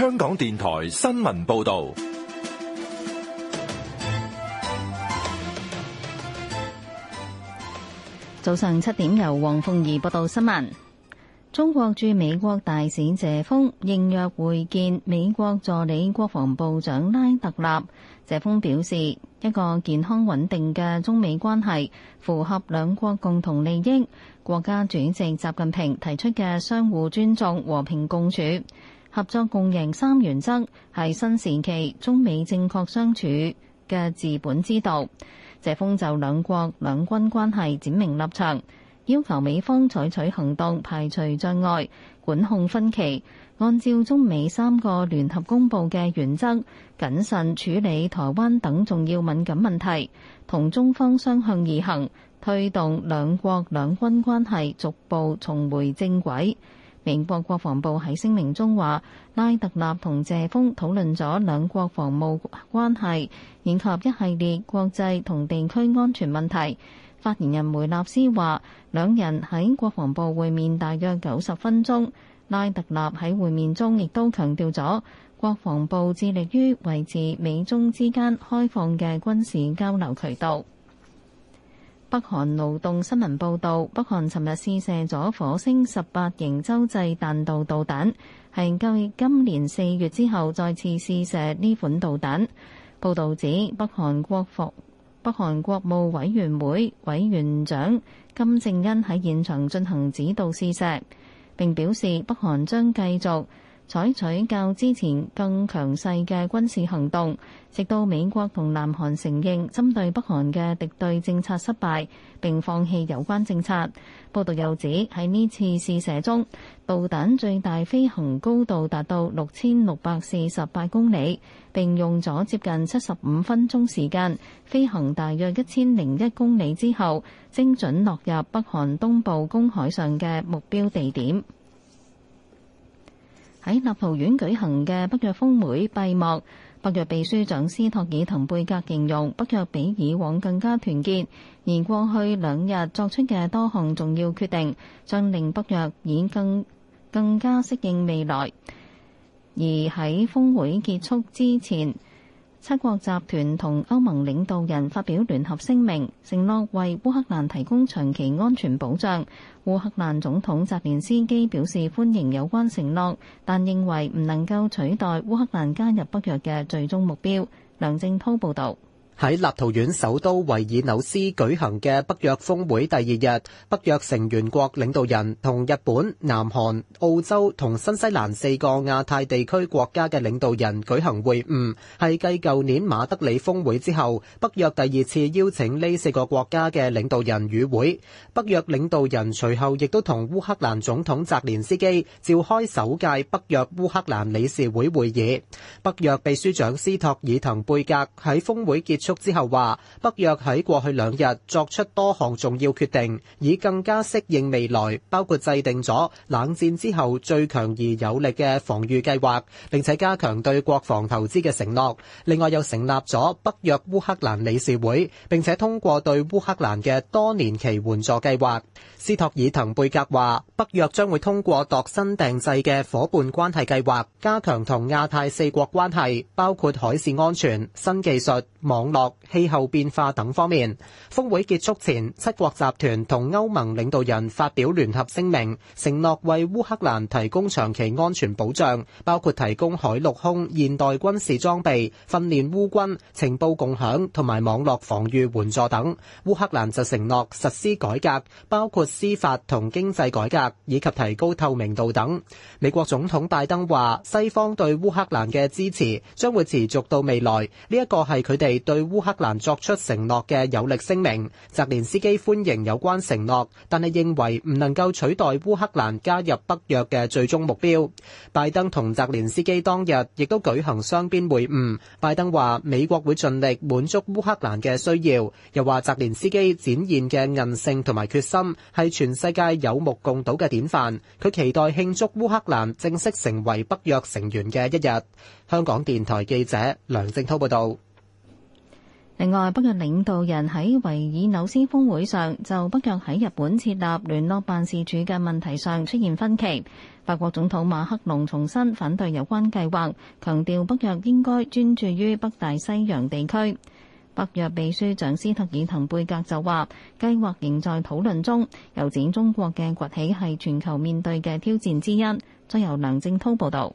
香港電台新聞報道，早上七點由黃鳳儀報道新聞。中國駐美國大使謝鋒應約會見美國助理國防部長拉特納。謝鋒表示，一個健康穩定嘅中美關係符合兩國共同利益，國家主席習近平提出嘅相互尊重、和平共處。合作共贏三原則，係新時期中美正確相處嘅治本之道。謝峰就兩國兩軍關係展明立場，要求美方採取行動，排除障礙，管控分歧，按照中美三個聯合公布嘅原則，謹慎處理台灣等重要敏感問題，同中方相向而行，推動兩國兩軍關係逐步重回正軌。美國國防部喺聲明中話，拉特納同謝鋒討論咗兩國防務關係，以及一系列國際同地區安全問題。發言人梅納斯話，兩人喺國防部會面大約九十分鐘。拉特納喺會面中亦都強調咗，國防部致力於維持美中之間開放嘅軍事交流渠道。北韓勞動新聞報道，北韓尋日試射咗火星十八型洲際彈道導彈，係繼今年四月之後再次試射呢款導彈。報導指，北韓國服、北韓國務委員會委員長金正恩喺現場進行指導試射，並表示北韓將繼續採取較之前更強勢嘅軍事行動，直到美國同南韓承認針對北韓嘅敵對政策失敗，並放棄有關政策。報道又指喺呢次試射中，導彈最大飛行高度達到六千六百四十八公里，並用咗接近七十五分鐘時間飛行，大約一千零一公里之後，精準落入北韓東部公海上嘅目標地點。喺立陶宛舉行嘅北約峰會閉幕，北約秘書長斯托爾滕貝格形容北約比以往更加團結，而過去兩日作出嘅多項重要決定，將令北約演更更加適應未來。而喺峰會結束之前，七國集團同歐盟領導人發表聯合聲明，承諾為烏克蘭提供長期安全保障。烏克蘭總統澤連斯基表示歡迎有關承諾，但認為唔能夠取代烏克蘭加入北約嘅最終目標。梁正濤報道。喺立陶宛首都維爾紐斯舉行嘅北約峰會第二日，北約成員國領導人同日本、南韓、澳洲同新西蘭四個亞太地區國家嘅領導人舉行會晤，係繼舊年馬德里峰會之後，北約第二次邀請呢四個國家嘅領導人與會。北約領導人隨後亦都同烏克蘭總統澤連斯基召開首屆北約烏克蘭理事會會議。北約秘書長斯托爾滕貝格喺峰會結束。之後話，北約喺過去兩日作出多項重要決定，以更加適應未來，包括制定咗冷戰之後最強而有力嘅防禦計劃，並且加強對國防投資嘅承諾。另外又成立咗北約烏克蘭理事會，並且通過對烏克蘭嘅多年期援助計劃。斯托爾滕貝格話，北約將會通過度身訂製嘅夥伴關係計劃，加強同亞太四國關係，包括海事安全、新技術、網絡、氣候變化等方面。峰會結束前，七國集團同歐盟領導人發表聯合聲明，承諾為烏克蘭提供長期安全保障，包括提供海陸空現代軍事裝備、訓練烏軍、情報共享同埋網絡防御援助等。烏克蘭就承諾實施改革，包括司法同經濟改革，以及提高透明度等。美國總統拜登話：西方對烏克蘭嘅支持將會持續到未來，呢一個係佢哋對對烏克蘭作出承諾嘅有力聲明，澤連斯基歡迎有關承諾，但係認為唔能夠取代烏克蘭加入北約嘅最終目標。拜登同澤連斯基當日亦都舉行雙邊會晤，拜登話美國會盡力滿足烏克蘭嘅需要，又話澤連斯基展現嘅韌性同埋決心係全世界有目共睹嘅典範，佢期待慶祝烏克蘭正式成為北約成員嘅一日。香港電台記者梁正濤報道。另外，北約領導人喺維爾紐斯峰會上，就北約喺日本設立聯絡辦事處嘅問題上出現分歧。法國總統馬克龍重申反對有關計劃，強調北約應該專注於北大西洋地區。北約秘書長斯特爾滕貝格就話計劃仍在討論中。由指中國嘅崛起係全球面對嘅挑戰之一。再由梁正濤報道。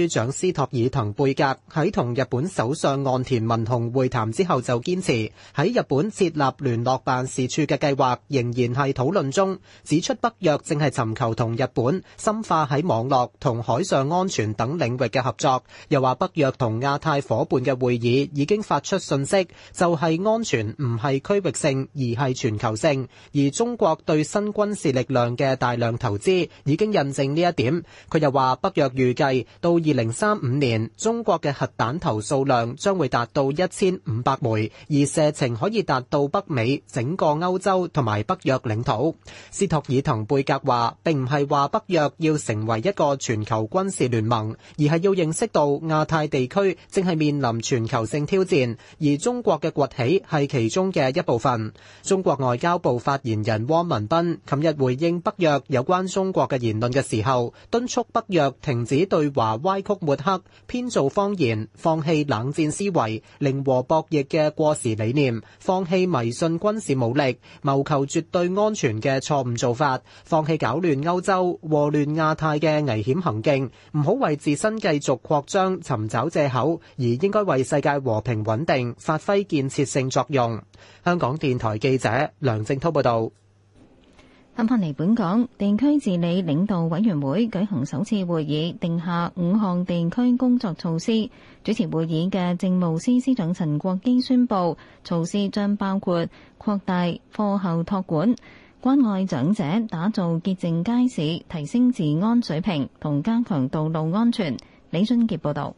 署長斯托爾滕貝格喺同日本首相岸田文雄會談之後就堅持喺日本設立聯絡辦事處嘅計劃仍然係討論中，指出北約正係尋求同日本深化喺網絡同海上安全等領域嘅合作。又話北約同亞太夥伴嘅會議已經發出訊息，就係安全唔係區域性而係全球性。而中國對新軍事力量嘅大量投資已經印證呢一點。佢又話北約預計到二。二零三五年，中國嘅核彈頭數量將會達到一千五百枚，而射程可以達到北美、整個歐洲同埋北約領土。斯托爾滕貝格話，並唔係話北約要成為一個全球軍事聯盟，而係要認識到亞太地區正係面臨全球性挑戰，而中國嘅崛起係其中嘅一部分。中國外交部發言人汪文斌琴日回應北約有關中國嘅言論嘅時候，敦促北約停止對華威曲抹黑，編造謊言，放棄冷戰思維，零和博弈嘅過時理念，放棄迷信軍事武力、謀求絕對安全嘅錯誤做法，放棄搞亂歐洲、禍亂亞太嘅危險行徑，唔好為自身繼續擴張尋找借口，而應該為世界和平穩定發揮建設性作用。香港電台記者梁正濤報道。返翻嚟本港，地區治理領導委員會舉行首次會議，定下五項地區工作措施。主持會議嘅政務司司長陳國基宣布，措施將包括擴大課後托管、關愛長者、打造潔淨街市、提升治安水平同加強道路安全。李俊傑報道。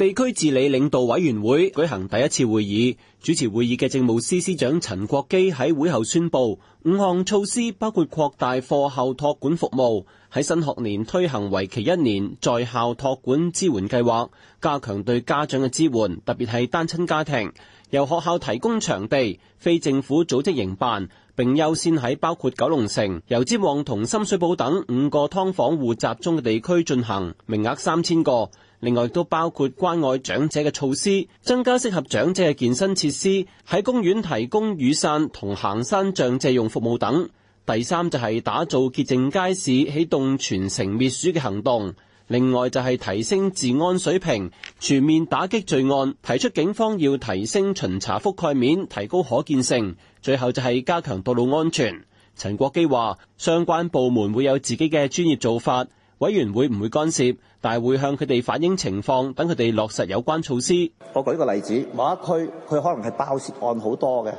地區治理領導委員會舉行第一次會議，主持會議嘅政務司司長陳國基喺會後宣布五項措施，包括擴大課後託管服務，喺新學年推行為期一年在校託管支援計劃，加強對家長嘅支援，特別係單親家庭，由學校提供場地，非政府組織營辦，並優先喺包括九龍城、油尖旺同深水埗等五個㓥房戶集中嘅地區進行，名額三千個。另外都包括關愛長者嘅措施，增加適合長者嘅健身設施，喺公園提供雨傘同行山杖借用服務等。第三就係打造潔淨街市，起動全城滅鼠嘅行動。另外就係提升治安水平，全面打擊罪案。提出警方要提升巡查覆蓋面，提高可見性。最後就係加強道路安全。陳國基話，相關部門會有自己嘅專業做法。委員會唔會干涉，但係會向佢哋反映情況，等佢哋落實有關措施。我舉個例子，某一區佢可能係爆竊案好多嘅，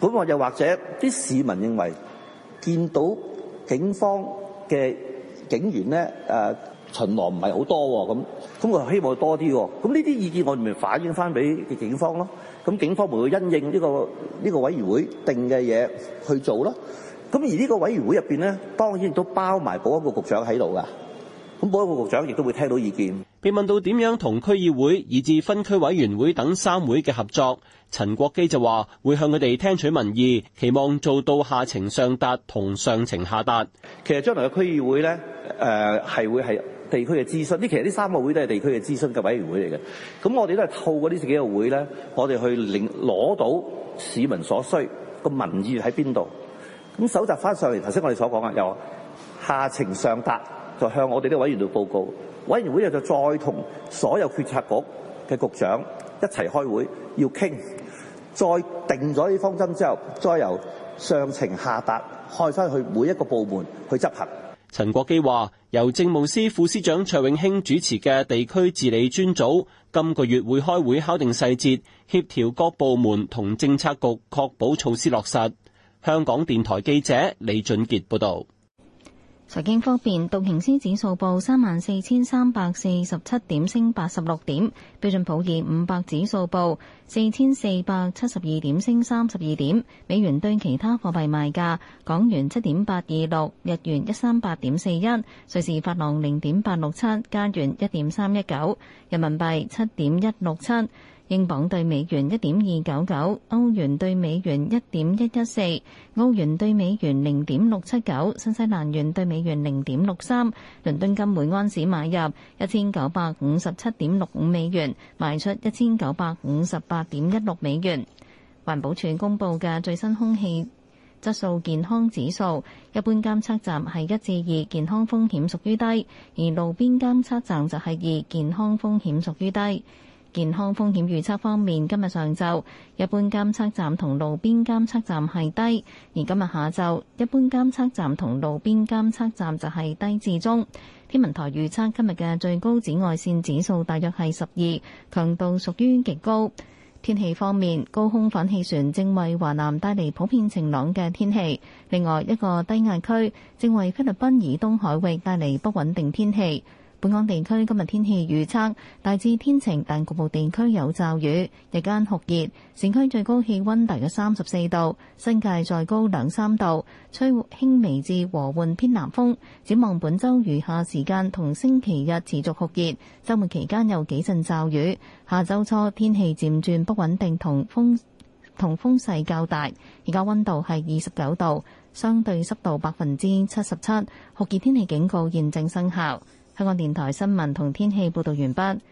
咁我又或者啲市民認為見到警方嘅警員咧誒、呃、巡邏唔係好多喎，咁咁我希望多啲喎。咁呢啲意見我咪反映翻俾警方咯。咁警方咪會因應呢個呢個委員會定嘅嘢去做咯。咁而呢個委員會入邊咧，當然都包埋保安局局長喺度噶。保安局局長亦都會聽到意見。被問到點樣同區議會以至分區委員會等三會嘅合作，陳國基就話會向佢哋聽取民意，期望做到下情上達同上情下達、呃。其實將來嘅區議會咧，誒係會係地區嘅諮詢，呢其實呢三個會都係地區嘅諮詢嘅委員會嚟嘅。咁我哋都係透過呢幾個會咧，我哋去領攞到市民所需個民意喺邊度，咁搜集翻上嚟。頭先我哋所講嘅有下情上達。就向我哋啲委員度報告，委員會又就再同所有決策局嘅局長一齊開會要傾，再定咗呢方針之後再由上情下達開翻去每一個部門去執行。陳國基話，由政務司副司長卓永興主持嘅地區治理專組今個月會開會敲定細節，協調各部門同政策局，確保措施落實。香港電台記者李俊傑報道。財經方面，道瓊斯指數報三萬四千三百四十七點，升八十六點；標準普爾五百指數報四千四百七十二點，升三十二點。美元對其他貨幣賣價，港元七點八二六，日元一三八點四一，瑞士法郎零點八六七，加元一點三一九，人民幣七點一六七。英鎊兌美元一點二九九，歐元兌美元一點一一四，歐元兌美元零點六七九，新西蘭元兌美元零點六三。倫敦金每安士買入一千九百五十七點六五美元，賣出一千九百五十八點一六美元。環保署公布嘅最新空氣質素健康指數，一般監測站係一至二，健康風險屬於低；而路邊監測站就係二，健康風險屬於低。健康風險預測方面，今日上晝一般監測站同路邊監測站係低，而今日下晝一般監測站同路邊監測站就係低至中。天文台預測今日嘅最高紫外線指數大約係十二，強度屬於極高。天氣方面，高空反氣旋正為華南帶嚟普遍晴朗嘅天氣，另外一個低壓區正為菲律賓以東海域帶嚟不穩定天氣。本港地區今日天氣預測大致天晴，但局部地區有驟雨。日間酷熱，城區最高氣溫大約三十四度，新界再高兩三度，吹輕微至和緩偏南風。展望本周餘下時間同星期日持續酷熱，周末期間有幾陣驟雨。下周初天氣漸轉不穩定，同風同風勢較大。而家溫度係二十九度，相對濕度百分之七十七，酷熱天氣警告現正生效。香港電台新聞同天氣報道完畢。